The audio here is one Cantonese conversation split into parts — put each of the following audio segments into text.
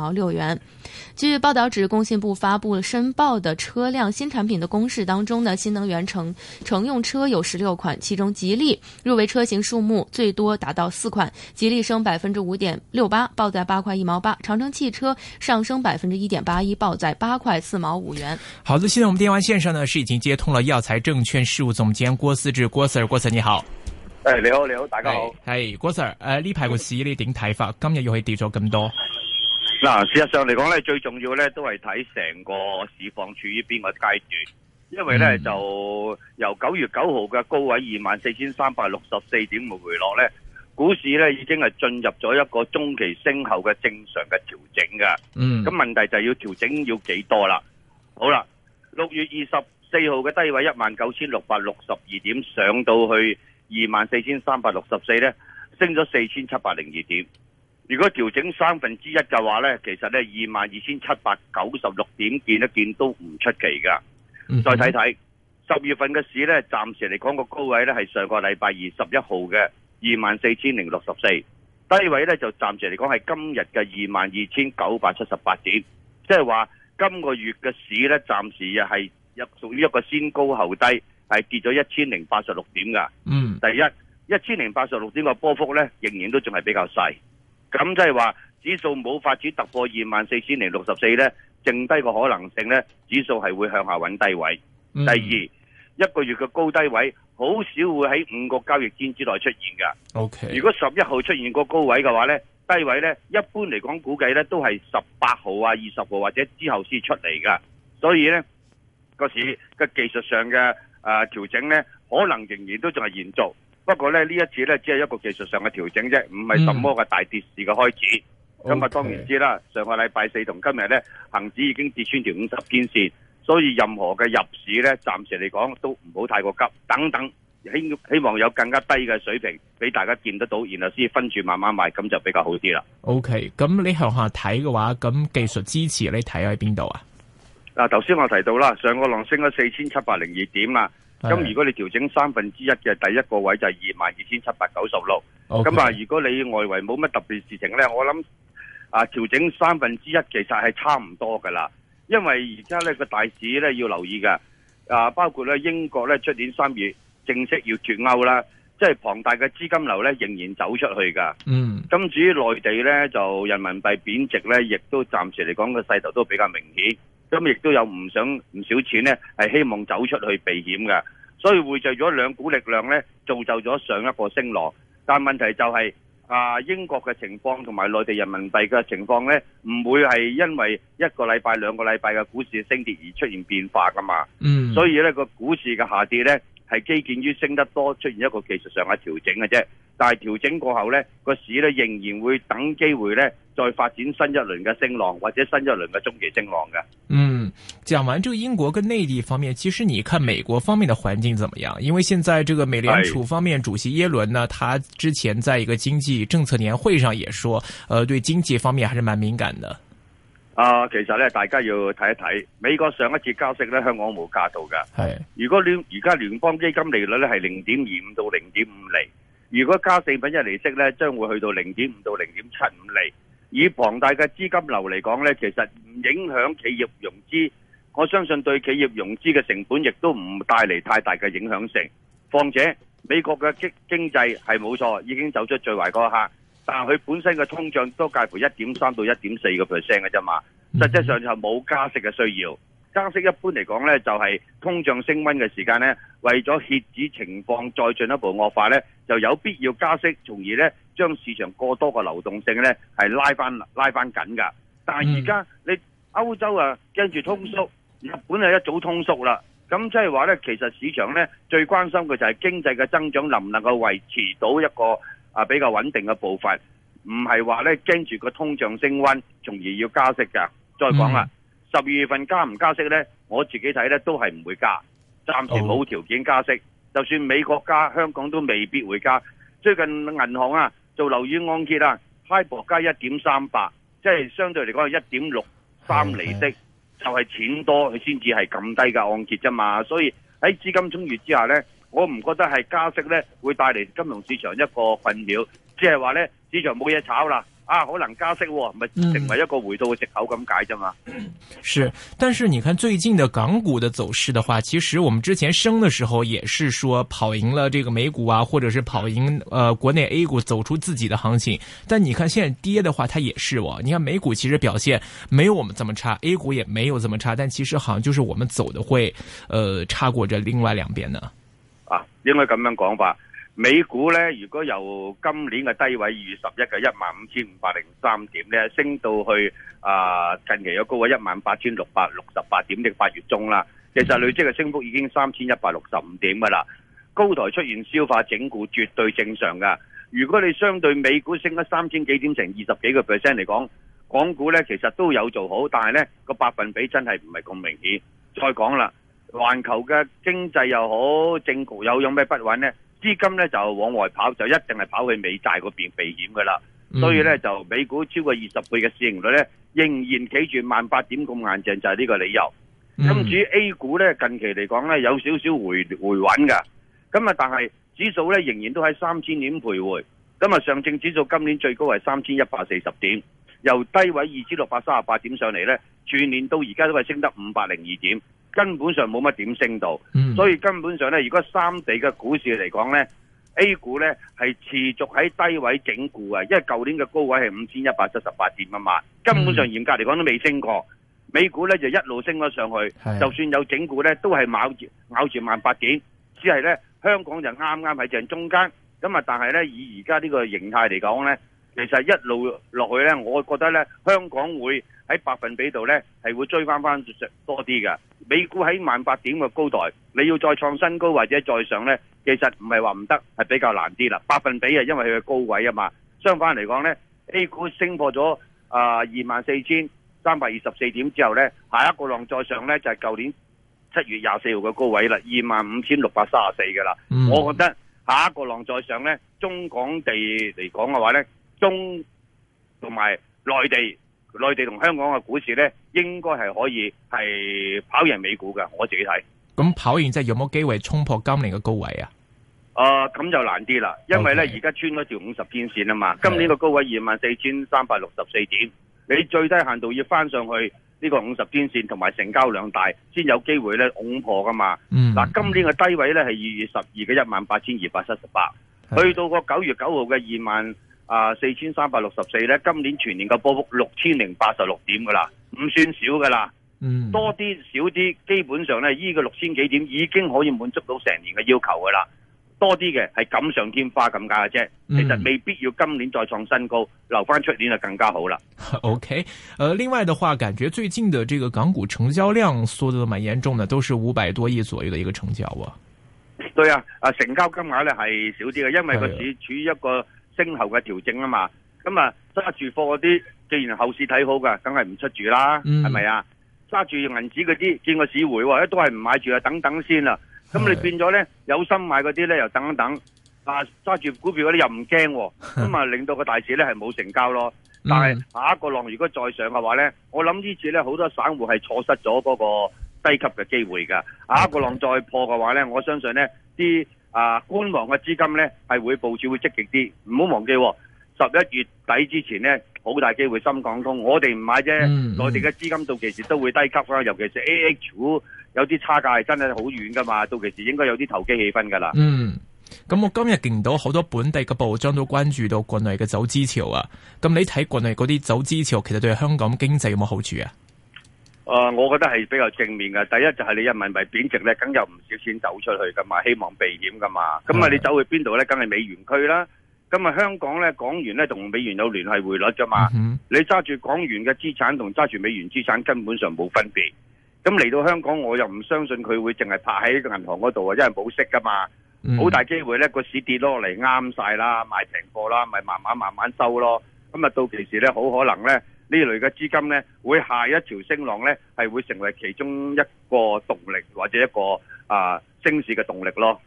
毛六元。據報道指，指工信部發布申報的車輛新產品的公示當中呢，新能源乘乘用車有十六款，其中吉利入圍車型數目最多達到四款，吉利升百分之五點六八，報在八塊一毛八；長城汽車上升百分之一點八一，報在八塊四毛五元。好的，現在我們電話綫上呢是已經接通了耀才證券事務總監郭思治。郭 Sir，郭 Sir 你好。誒、哎哎呃，你好，你好，大家好。哎郭 Sir，誒，呢排個市你點睇法？今日又會跌咗咁多？嗱、啊，事實上嚟講咧，最重要咧都係睇成個市況處於邊個階段，因為咧、嗯、就由九月九號嘅高位二萬四千三百六十四點嘅回落咧，股市咧已經係進入咗一個中期升後嘅正常嘅調整噶。嗯，咁問題就係要調整要幾多啦？好啦，六月二十四號嘅低位一萬九千六百六十二點，上到去二萬四千三百六十四咧，升咗四千七百零二點。如果調整三分之一嘅話呢，其實呢，二萬二千七百九十六點見一見都唔出奇㗎。嗯、哼再睇睇十月份嘅市呢，暫時嚟講個高位呢係上個禮拜二十一號嘅二萬四千零六十四，24, 4, 低位呢就暫時嚟講係今日嘅二萬二千九百七十八點。即係話今個月嘅市呢，暫時又係屬於一個先高後低，係跌咗一千零八十六點㗎。嗯，第一，一千零八十六點個波幅呢，仍然都仲係比較細。咁即係話，指數冇法子突破二萬四千零六十四呢剩低個可能性呢指數係會向下搵低位。嗯、第二，一個月嘅高低位好少會喺五個交易天之內出現噶。O Okay K，如果十一號出現個高位嘅話呢低位呢一般嚟講估計呢都係十八號啊、二十號或者之後先出嚟噶。所以呢個市嘅技術上嘅誒調整呢，可能仍然都仲係延續。不過咧呢一次咧只係一個技術上嘅調整啫，唔係什麼嘅大跌市嘅開始。咁啊、嗯，okay、當然知啦。上個禮拜四同今日呢，恒指已經跌穿條五十均線，所以任何嘅入市呢，暫時嚟講都唔好太過急。等等，希希望有更加低嘅水平俾大家見得到，然後先分注慢慢買，咁就比較好啲啦。O K，咁你向下睇嘅話，咁技術支持你睇喺邊度啊？嗱，頭先我提到啦，上個浪升咗四千七百零二點啊。咁如果你調整三分之一嘅第一個位就係二萬二千七百九十六，咁啊，如果你外圍冇乜特別事情呢，我諗啊調整三分之一其實係差唔多噶啦，因為而家呢個大市呢要留意噶，啊包括咧英國咧出年三月正式要脫歐啦，即係龐大嘅資金流呢仍然走出去噶，嗯，咁至於內地呢，就人民幣貶值呢亦都暫時嚟講個勢頭都比較明顯。咁亦都有唔想唔少錢咧，係希望走出去避險嘅，所以匯聚咗兩股力量咧，造就咗上一個升浪。但問題就係啊，英國嘅情況同埋內地人民幣嘅情況咧，唔會係因為一個禮拜兩個禮拜嘅股市升跌而出現變化噶嘛。嗯，所以咧個股市嘅下跌咧，係基建於升得多，出現一個技術上嘅調整嘅啫，但係調整過後呢個市呢，仍然會等機會呢再發展新一輪嘅升浪或者新一輪嘅中期升浪嘅。嗯，講完咗英國跟內地方面，其實你看美國方面的環境怎麼樣？因為現在這個美聯儲方面主席耶倫呢，是他之前喺一個經濟政策年會上也說，呃，對經濟方面還是蠻敏感的。啊、呃，其實咧，大家要睇一睇美國上一次加息咧，香港冇加到㗎。係的，如果聯而家聯邦基金利率咧係零點二五到零點五厘，如果加四分一利息咧，將會去到零點五到零點七五厘。以龐大嘅資金流嚟講咧，其實唔影響企業融資，我相信對企業融資嘅成本亦都唔帶嚟太大嘅影響性。況且美國嘅經經濟係冇錯，已經走出最壞嗰一刻。但係佢本身嘅通脹都介乎一點三到一點四個 percent 嘅啫嘛，實際上就冇加息嘅需要。加息一般嚟講咧，就係通脹升温嘅時間咧，為咗遏止情況再進一步惡化咧，就有必要加息，從而咧將市場過多嘅流動性咧係拉翻拉翻緊噶。但係而家你歐洲啊，跟住通縮，日本係一早通縮啦，咁即係話咧，其實市場咧最關心嘅就係經濟嘅增長能唔能夠維持到一個。啊，比較穩定嘅步伐，唔係話咧驚住個通脹升溫，從而要加息㗎。再講啦，十二、mm hmm. 月份加唔加息咧，我自己睇咧都係唔會加，暫時冇條件加息。Oh. 就算美國加，香港都未必會加。最近銀行啊做樓宇按揭啊，HIBOR 加一點三八，即係相對嚟講係一點六三厘息、mm，hmm. 就係錢多佢先至係咁低嘅按揭啫嘛。所以喺資金充裕之下咧。我唔覺得係加息呢會帶嚟金融市場一個困擾，即係話呢市場冇嘢炒啦，啊可能加息喎、哦，咪成為一個回吐嘅借口咁解啫嘛。是，但是你看最近的港股的走勢的話，其實我們之前升的時候也是說跑贏了這個美股啊，或者是跑贏呃國內 A 股走出自己的行情。但你看現在跌的話，它也是喎、哦。你看美股其實表現沒有我們這咁差，A 股也沒有咁差，但其實好像就是我們走的會呃差過這另外兩邊呢。啊，應該咁樣講吧。美股咧，如果由今年嘅低位二月十一嘅一萬五千五百零三點咧，升到去啊近期有高位一萬八千六百六十八點，即八月中啦。其實累積嘅升幅已經三千一百六十五點噶啦。高台出現消化整固，絕對正常噶。如果你相對美股升咗三千幾點成二十幾個 percent 嚟講，港股咧其實都有做好，但係咧個百分比真係唔係咁明顯。再講啦。環球嘅經濟又好，政局又有咩不穩呢？資金咧就往外跑，就一定係跑去美債嗰邊避險噶啦。所以咧就美股超過二十倍嘅市盈率咧，仍然企住萬八點咁硬淨，就係呢個理由。咁至於 A 股咧，近期嚟講咧有少少回回穩噶。咁啊，但係指數咧仍然都喺三千點徘徊。咁啊，上證指數今年最高係三千一百四十點，由低位二千六百三十八點上嚟咧，全年到而家都係升得五百零二點。根本上冇乜點升到，嗯、所以根本上呢，如果三地嘅股市嚟講呢 a 股呢係持續喺低位整固啊，因為舊年嘅高位係五千一百七十八點啊嘛，根本上嚴格嚟講都未升過，美股呢就一路升咗上去，是的 就算有整固呢都係咬住咬住萬八點，只係呢，香港就啱啱喺正中間，咁啊但係呢，以而家呢個形態嚟講呢。其實一路落去咧，我覺得咧，香港會喺百分比度咧係會追翻翻上多啲嘅。美股喺萬八點嘅高台，你要再創新高或者再上咧，其實唔係話唔得，係比較難啲啦。百分比啊，因為佢嘅高位啊嘛。相反嚟講咧，A 股升破咗啊二萬四千三百二十四點之後咧，下一個浪再上咧就係、是、舊年七月廿四號嘅高位啦，二萬五千六百三十四噶啦。嗯、我覺得下一個浪再上咧，中港地嚟講嘅話咧。中同埋內地，內地同香港嘅股市呢，應該係可以係跑贏美股嘅。我自己睇。咁跑完，即係有冇機會衝破今年嘅高位啊？啊、呃，咁就難啲啦，因為呢而家 Okay. 穿咗條五十天線啊嘛。今年嘅高位二萬四千三百六十四點，的你最低限度要翻上去呢個五十天線，同埋成交量大先有機會呢攻破噶嘛。嗯。嗱，今年嘅低位呢係二月十二嘅一萬八千二百七十八，去到個九月九號嘅二萬。啊，四千三百六十四咧，今年全年嘅波幅六千零八十六點噶啦，唔算少噶啦，嗯，多啲少啲，基本上咧呢、這個六千幾點已經可以滿足到成年嘅要求噶啦，多啲嘅係錦上添花咁解嘅啫，其實未必要今年再創新高，留翻出年就更加好啦。嗯。OK，誒、呃，另外嘅話，感覺最近嘅這個港股成交量縮得蠻嚴重嘅，都是五百多億左右嘅一個成交啊。對啊，啊，成交金額咧係少啲嘅，因為佢市處於一個，升後嘅調整啊嘛，咁啊揸住貨嗰啲，既然後市睇好噶梗係唔出住啦，係咪啊？揸住銀紙嗰啲，見個市回喎，都係唔買住啊，等等先啦。咁你變咗咧，有心買嗰啲咧又等等，嗱揸住股票嗰啲又唔驚，咁啊、嗯、 令到個大市咧係冇成交咯。但係下一個浪如果再上嘅話咧，我諗呢次咧好多散戶係錯失咗嗰個低級嘅機會噶。下一個浪再破嘅話咧，我相信咧啲。啊，觀望嘅資金咧係會部署會積極啲，唔好忘記哦，十一月底之前咧好大機會深港通。我哋唔買啫，嗯嗯、我哋嘅資金到其時都會低級啦。尤其是 A H 股有啲差價係真係好遠噶嘛，到其時應該有啲投機氣氛噶啦。嗯，咁我今日見到好多本地嘅報章都關注到國內嘅走資潮啊。咁你睇國內嗰啲走資潮，其實對香港經濟有冇好處啊？啊、呃，我覺得係比較正面嘅。第一就係你人民幣貶值咧，梗有唔少錢走出去噶嘛，希望避險噶嘛。咁啊、mm，hmm. 那你走去邊度咧？梗係美元區啦。咁啊，香港咧，港元咧同美元有聯繫匯率啫嘛。Mm hmm. 你揸住港元嘅資產同揸住美元資產根本上冇分別。咁嚟到香港，我又唔相信佢會淨係泊喺銀行嗰度啊，因為冇息噶嘛。好、mm hmm. 大機會咧，個市跌落嚟啱晒啦，賣平貨啦，咪慢慢慢慢收咯。咁啊，到期時咧，好可能咧。呢類嘅資金咧，會下一條升浪咧，係會成為其中一個動力或者一個啊升市嘅動力咯。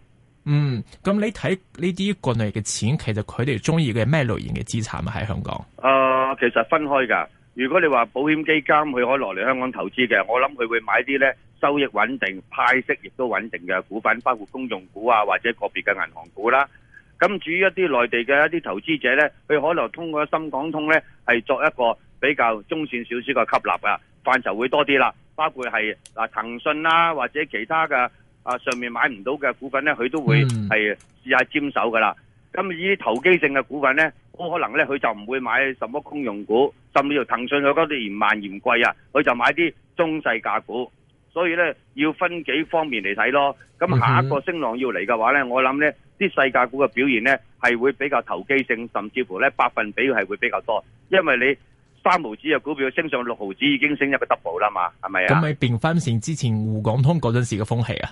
嗯，咁你睇呢啲國內嘅錢，其實佢哋中意嘅咩類型嘅資產啊？喺香港？誒、呃，其實分開㗎。如果你話保險基金，佢可以攞嚟香港投資嘅，我諗佢會買啲咧收益穩定、派息亦都穩定嘅股份，包括公用股啊，或者個別嘅銀行股啦。咁至於一啲內地嘅一啲投資者咧，佢可能通過深港通咧，係作一個。比較中線少少嘅吸納噶範疇會多啲啦，包括係嗱騰訊啦，或者其他嘅啊上面買唔到嘅股份咧，佢都會係試下沾手噶啦。咁以啲投機性嘅股份咧，好可能咧佢就唔會買什麼公用股，甚至乎騰訊佢嗰啲嫌慢嫌貴啊，佢就買啲中細價股。所以咧要分幾方面嚟睇咯。咁下一個升浪要嚟嘅話咧，我諗咧啲細價股嘅表現咧係會比較投機性，甚至乎咧百分比係會比較多，因為你。三毫子嘅股票升上六毫子，已經升一個 double 啦嘛，係咪、嗯、啊？咁喺變翻成之前滬港通嗰陣時嘅風氣啊？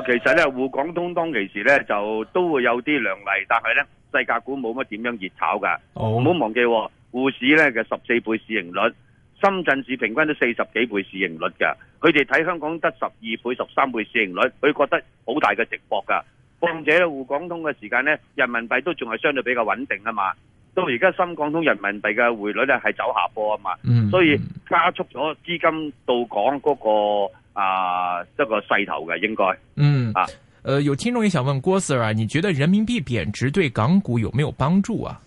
誒，其實咧滬港通當其時咧就都會有啲量嚟，但係咧細價股冇乜點樣熱炒㗎。唔好、哦、忘記、哦，滬市咧嘅十四倍市盈率，深圳市平均都四十幾倍市盈率㗎。佢哋睇香港得十二倍、十三倍市盈率，佢覺得好大嘅直博㗎。況且咧，滬港通嘅時間咧，人民幣都仲係相對比較穩定啊嘛。到而家深港通人民幣嘅匯率咧係走下坡啊嘛，嗯、所以加速咗資金到港嗰、那個啊一、呃這個勢頭嘅應該嗯啊，誒、呃。有聽眾也想問郭 Sir 啊，你覺得人民幣貶值對港股有沒有幫助啊？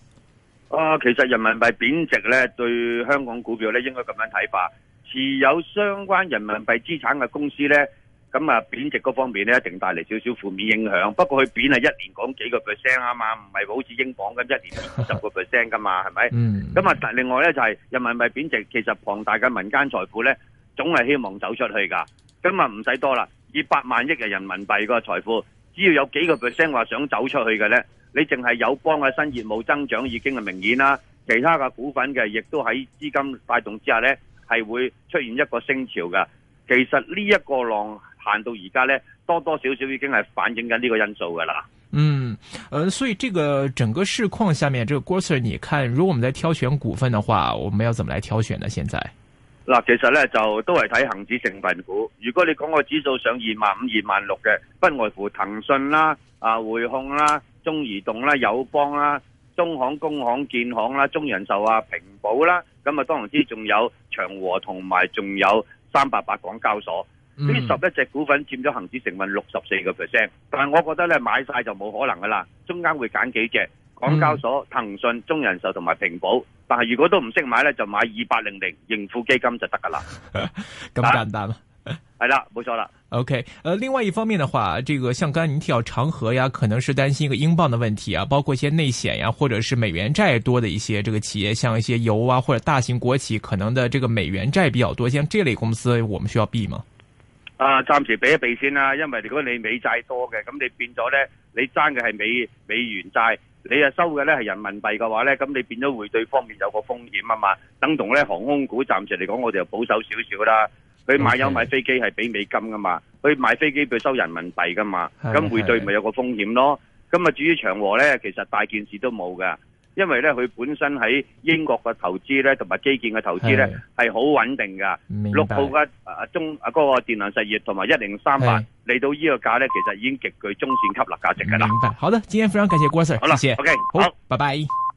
啊、呃，其實人民幣貶值咧對香港股票咧應該咁樣睇法，持有相關人民幣資產嘅公司咧。咁啊，貶值嗰方面咧，一定帶嚟少少負面影響。不過佢貶係一年講幾個 percent 啊嘛，唔係好似英鎊咁一,一年二十個 percent 噶嘛，係咪？咁啊， 但另外咧就係、是、人民幣貶值，其實龐大嘅民間財富咧，總係希望走出去㗎。咁啊，唔使多啦，以百萬億嘅人民幣個財富，只要有幾個 percent 話想走出去嘅咧，你淨係有幫嘅新業務增長已經係明顯啦。其他嘅股份嘅，亦都喺資金帶動之下咧，係會出現一個升潮嘅。其實呢一個浪。但到而家咧，多多少少已經係反映緊呢個因素噶啦。嗯，呃，所以這個整個市況下面，這個郭 Sir，你看，如果我們來挑選股份的話，我們要怎麼來挑選呢？現在嗱，其實咧就都係睇恒指成分股。如果你講個指數上二萬五、二萬六嘅，不外乎騰訊啦、啊匯控啦、中移動啦、友邦啦、中行、工行、建行啦、中人壽啊、平保啦，咁啊，當然之仲有長和同埋仲有三八八港交所。呢十一隻股份佔咗恒指成分六十四個 percent，但係我覺得咧買晒就冇可能噶啦，中間會揀幾隻，港交所、騰訊、中人壽同埋平保。但係如果都唔識買咧，就買二八零零盈富基金就得噶啦，咁 簡單啦。係啦， 冇錯啦。OK，呃，另外一方面的話，這個像剛才你提到長和呀，可能是擔心一個英鎊嘅問題啊，包括一些內險呀，或者是美元債多的一些這個企業，像一些油啊或者大型國企可能的這個美元債比較多，像這類公司，我們需要避嗎？啊，暫時避一避先啦。啊，因為如果你美債多嘅，咁你變咗咧，你爭嘅係美美元債，你啊收嘅咧係人民幣嘅話咧，咁你變咗匯兌方面有個風險啊嘛。等同咧航空股暫時嚟講，我哋又保守少少啦。佢買油買飛機係俾美金噶嘛，佢買飛機佢收人民幣噶嘛，咁匯兌咪有個風險咯。咁啊至於長和咧，其實大件事都冇噶。因為咧，佢本身喺英國嘅投資咧，同埋基建嘅投資咧，係好穩定噶。六號嘅阿白、啊、中阿嗰、那個電能實業同埋一零三八嚟到呢個價咧，其實已經極具中線吸納價值噶啦。明白。好的，今天非常感謝郭 Sir，好多了謝，謝。OK，好，拜拜好。Bye bye。